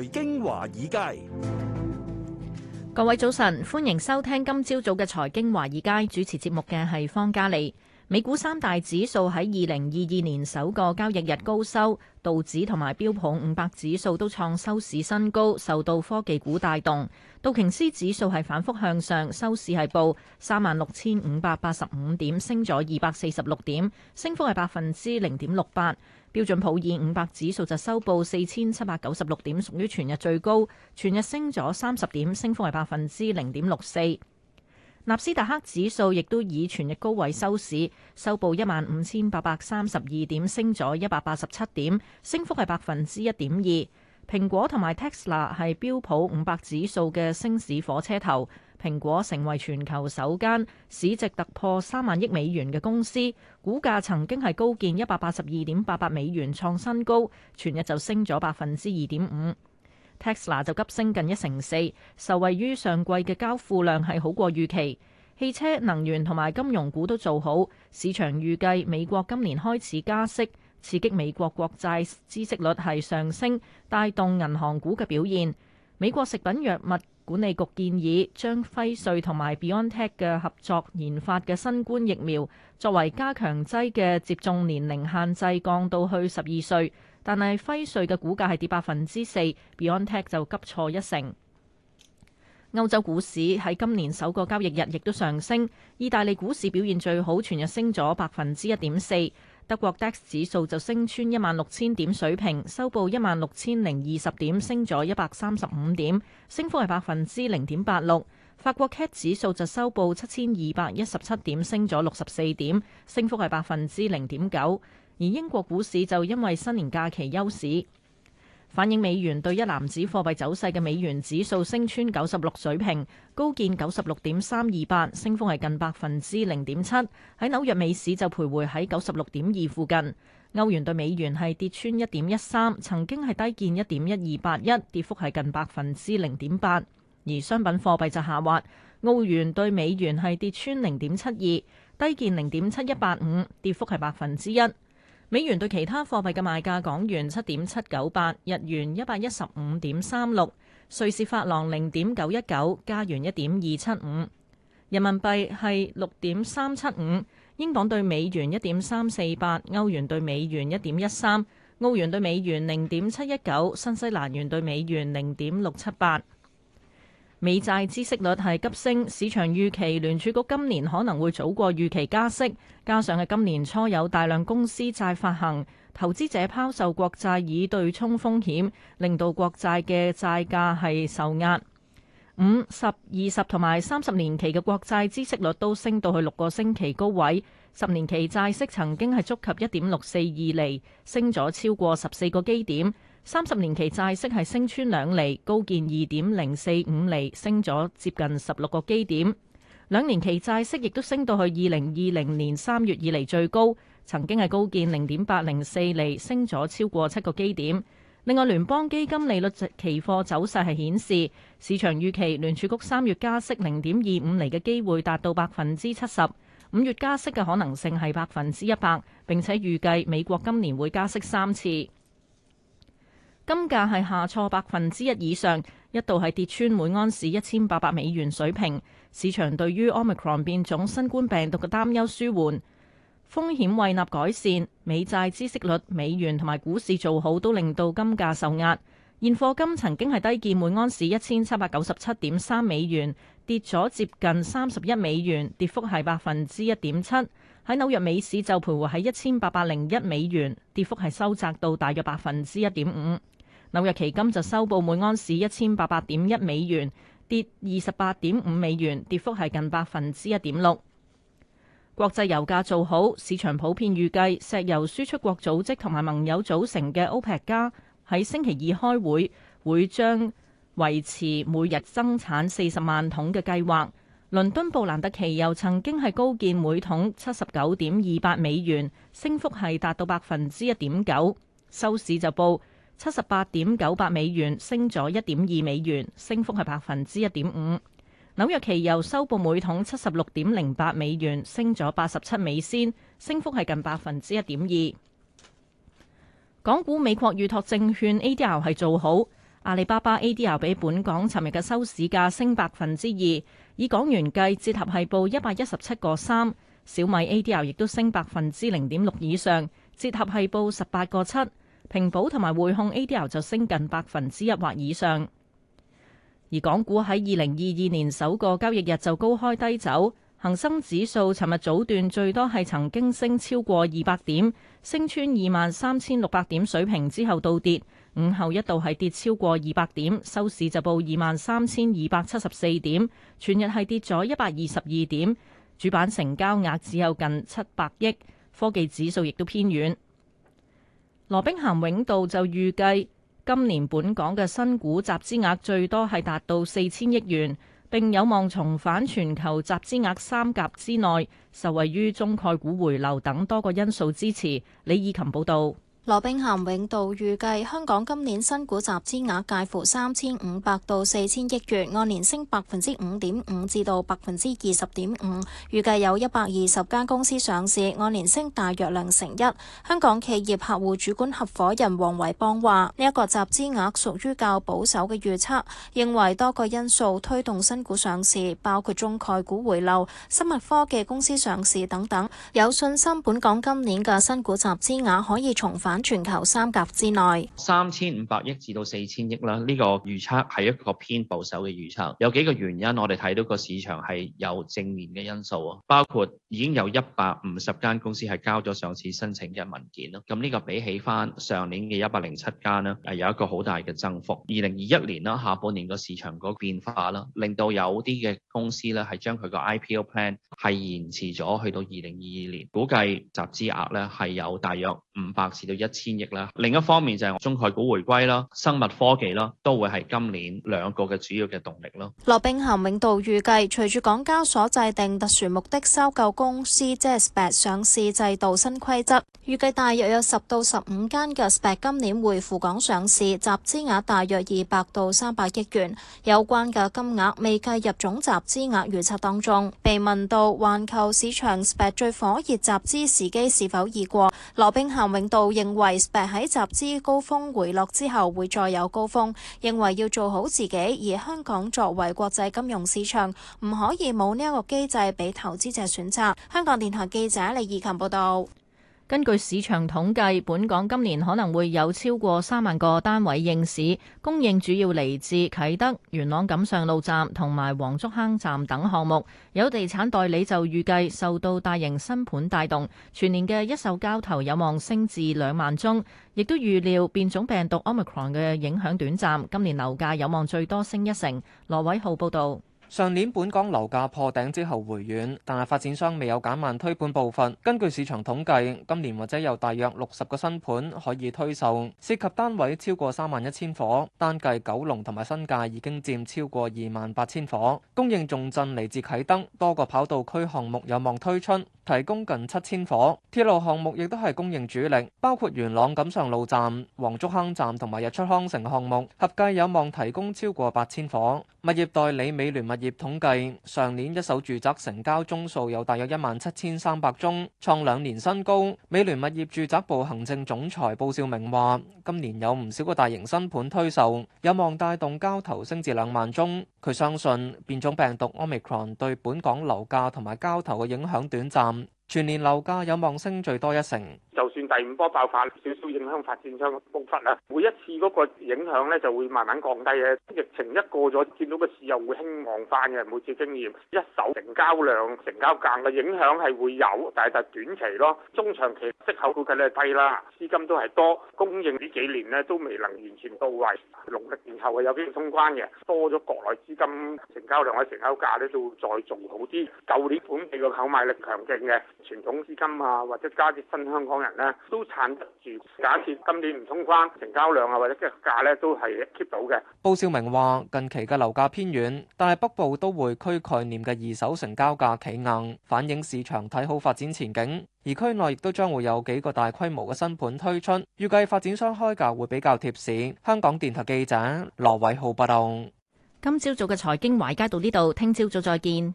財經華爾街，各位早晨，歡迎收聽今朝早嘅財經華爾街主持節目嘅係方嘉利。美股三大指數喺二零二二年首個交易日高收，道指同埋標普五百指數都創收市新高，受到科技股帶動。道瓊斯指數係反復向上，收市係報三萬六千五百八十五點，升咗二百四十六點，升幅係百分之零點六八。標準普爾五百指數就收報四千七百九十六點，屬於全日最高，全日升咗三十點，升幅係百分之零點六四。納斯達克指數亦都以全日高位收市，收報一萬五千八百三十二點，升咗一百八十七點，升幅係百分之一點二。蘋果同埋 Tesla 係標普五百指數嘅升市火車頭。蘋果成為全球首間市值突破三萬億美元嘅公司，股價曾經係高見一百八十二點八八美元創新高，全日就升咗百分之二點五。Tesla 就急升近一成四，受惠於上季嘅交付量係好過預期。汽車、能源同埋金融股都做好，市場預計美國今年開始加息，刺激美國國債孳息率係上升，帶動銀行股嘅表現。美國食品藥物管理局建議將輝瑞同埋 BioNTech 嘅合作研發嘅新冠疫苗作為加強劑嘅接種年齡限制降到去十二歲，但係輝瑞嘅股價係跌百分之四，BioNTech 就急挫一成。歐洲股市喺今年首個交易日亦都上升，意大利股市表現最好，全日升咗百分之一點四。德國 DAX 指數就升穿一萬六千點水平，收報一萬六千零二十點，升咗一百三十五點，升幅係百分之零點八六。法國 CAC 指數就收報七千二百一十七點，升咗六十四點，升幅係百分之零點九。而英國股市就因為新年假期休市。反映美元對一籃子貨幣走勢嘅美元指數升穿九十六水平，高見九十六點三二八，升幅係近百分之零點七。喺紐約美市就徘徊喺九十六點二附近。歐元對美元係跌穿一點一三，曾經係低見一點一二八一，跌幅係近百分之零點八。而商品貨幣就下滑，澳元對美元係跌穿零點七二，低見零點七一八五，跌幅係百分之一。美元對其他貨幣嘅賣價：港元七點七九八，日元一百一十五點三六，瑞士法郎零點九一九，加元一點二七五，人民幣係六點三七五，英鎊對美元一點三四八，歐元對美元一點一三，澳元對美元零點七一九，新西蘭元對美元零點六七八。美債孳息率係急升，市場預期聯儲局今年可能會早過預期加息，加上係今年初有大量公司債發行，投資者拋售國債以對沖風險，令到國債嘅債價係受壓。五、十、二十同埋三十年期嘅國債孳息率都升到去六個星期高位，十年期債息曾經係觸及一點六四二厘，升咗超過十四個基點。三十年期債息係升穿兩厘，高見二點零四五厘，升咗接近十六個基點。兩年期債息亦都升到去二零二零年三月以嚟最高，曾經係高見零點八零四厘，升咗超過七個基點。另外，聯邦基金利率期貨走勢係顯示，市場預期聯儲局三月加息零點二五厘嘅機會達到百分之七十，五月加息嘅可能性係百分之一百，並且預計美國今年會加息三次。金價係下挫百分之一以上，一度係跌穿每安士一千八百美元水平。市場對於 Omicron 變種新冠病毒嘅擔憂舒緩，風險胃納改善，美債孳息率、美元同埋股市做好都令到金價受壓。現貨金曾經係低見每安士一千七百九十七點三美元，跌咗接近三十一美元，跌幅係百分之一點七。喺紐約美市就徘徊喺一千八百零一美元，跌幅係收窄到大約百分之一點五。紐約期金就收報每安士一千八百點一美元，跌二十八點五美元，跌幅係近百分之一點六。國際油價做好，市場普遍預計石油輸出國組織同埋盟友組成嘅 OPEC 加喺星期二開會，會將維持每日增產四十萬桶嘅計劃。倫敦布蘭特期油曾經係高見每桶七十九點二八美元，升幅係達到百分之一點九，收市就報，七十八點九八美元，升咗一點二美元，升幅係百分之一點五。紐約期油收報每桶七十六點零八美元，升咗八十七美仙，升幅係近百分之一點二。港股美國預託證券 ADR 係做好，阿里巴巴 ADR 比本港尋日嘅收市價升百分之二，以港元計，折合係報一百一十七個三。小米 ADR 亦都升百分之零點六以上，折合係報十八個七。平保同埋匯控 A.D.R 就升近百分之一或以上，而港股喺二零二二年首個交易日就高開低走，恒生指數尋日早段最多係曾經升超過二百點，升穿二萬三千六百點水平之後倒跌，午後一度係跌超過二百點，收市就報二萬三千二百七十四點，全日係跌咗一百二十二點，主板成交額只有近七百億，科技指數亦都偏軟。羅兵咸永道就預計，今年本港嘅新股集資額最多係達到四千億元，並有望重返全球集資額三甲之內，受惠於中概股回流等多個因素支持。李以琴報道。羅兵咸永道預計香港今年新股集資額介乎三千五百到四千億元，按年升百分之五點五至到百分之二十點五。預計有一百二十間公司上市，按年升大約兩成一。香港企業客戶主管合夥人黃維邦話：呢、這、一個集資額屬於較保守嘅預測，認為多個因素推動新股上市，包括中概股回流、生物科技公司上市等等，有信心本港今年嘅新股集資額可以重返。全球三甲之內，三千五百億至到四千億啦。呢個預測係一個偏保守嘅預測，有幾個原因。我哋睇到個市場係有正面嘅因素啊，包括已經有一百五十間公司係交咗上次申請嘅文件咯。咁呢個比起翻上年嘅一百零七間呢，係有一個好大嘅增幅。二零二一年啦，下半年個市場個變化啦，令到有啲嘅公司咧係將佢個 IPO plan 係延遲咗去到二零二二年，估計集資額咧係有大約。五百至到一千億啦。另一方面就係中概股回歸啦，生物科技啦，都會係今年兩個嘅主要嘅動力咯。羅兵咸永道預計，隨住港交所制定特殊目的收購公司即係 SPAC 上市制度新規則，預計大約有十到十五間嘅 SPAC 今年會赴港上市，集資額大約二百到三百億元。有關嘅金額未計入總集資額預測當中。被問到環球市場 SPAC 最火熱集資時機是否已過？羅兵咸永道認為，喺集資高峰回落之後會再有高峰，認為要做好自己，而香港作為國際金融市場，唔可以冇呢一個機制俾投資者選擇。香港電台記者李義勤報道。根據市場統計，本港今年可能會有超過三萬個單位應市，供應主要嚟自啟德、元朗錦上路站同埋黃竹坑站等項目。有地產代理就預計，受到大型新盤帶動，全年嘅一手交投有望升至兩萬宗，亦都預料變種病毒 Omicron 嘅影響短暫，今年樓價有望最多升一成。羅偉浩報道。上年本港樓價破頂之後回軟，但係發展商未有減慢推盤步伐。根據市場統計，今年或者有大約六十個新盤可以推售，涉及單位超過三萬一千伙，單計九龍同埋新界已經佔超過二萬八千伙。供應重鎮嚟自啟德，多個跑道區項目有望推出，提供近七千伙。鐵路項目亦都係供應主力，包括元朗錦上路站、黃竹坑站同埋日出康城項目，合計有望提供超過八千伙。物業代理美聯物業統計，上年一手住宅成交宗數有大約一萬七千三百宗，創兩年新高。美聯物業住宅部行政總裁布少明話，今年有唔少個大型新盤推售，有望帶動交投升至兩萬宗。佢相信變種病毒 Omicron 對本港樓價同埋交投嘅影響短暫。全年樓價有望升最多一成，就算第五波爆發少少影響發展商步伐啦，每一次嗰個影響咧就會慢慢降低嘅。疫情一過咗，見到個市又會興旺翻嘅，每次經驗一手成交量、成交價嘅影響係會有，但係就短期咯，中長期息口估計咧低啦，資金都係多，供應呢幾年咧都未能完全到位，農曆年後係有啲通關嘅，多咗國內資金成交量嘅成交價咧都會再做好啲。舊年本地個購買力強勁嘅。傳統資金啊，或者加啲新香港人咧，都撐得住。假設今年唔通關，成交量啊，或者價咧，都係 keep 到嘅。報銷明話近期嘅樓價偏軟，但係北部都會區概念嘅二手成交價企硬，反映市場睇好發展前景。而區內亦都將會有幾個大規模嘅新盤推出，預計發展商開價會比較貼市。香港電台記者羅偉浩報道。今朝早嘅財經華爾街到呢度，聽朝早再見。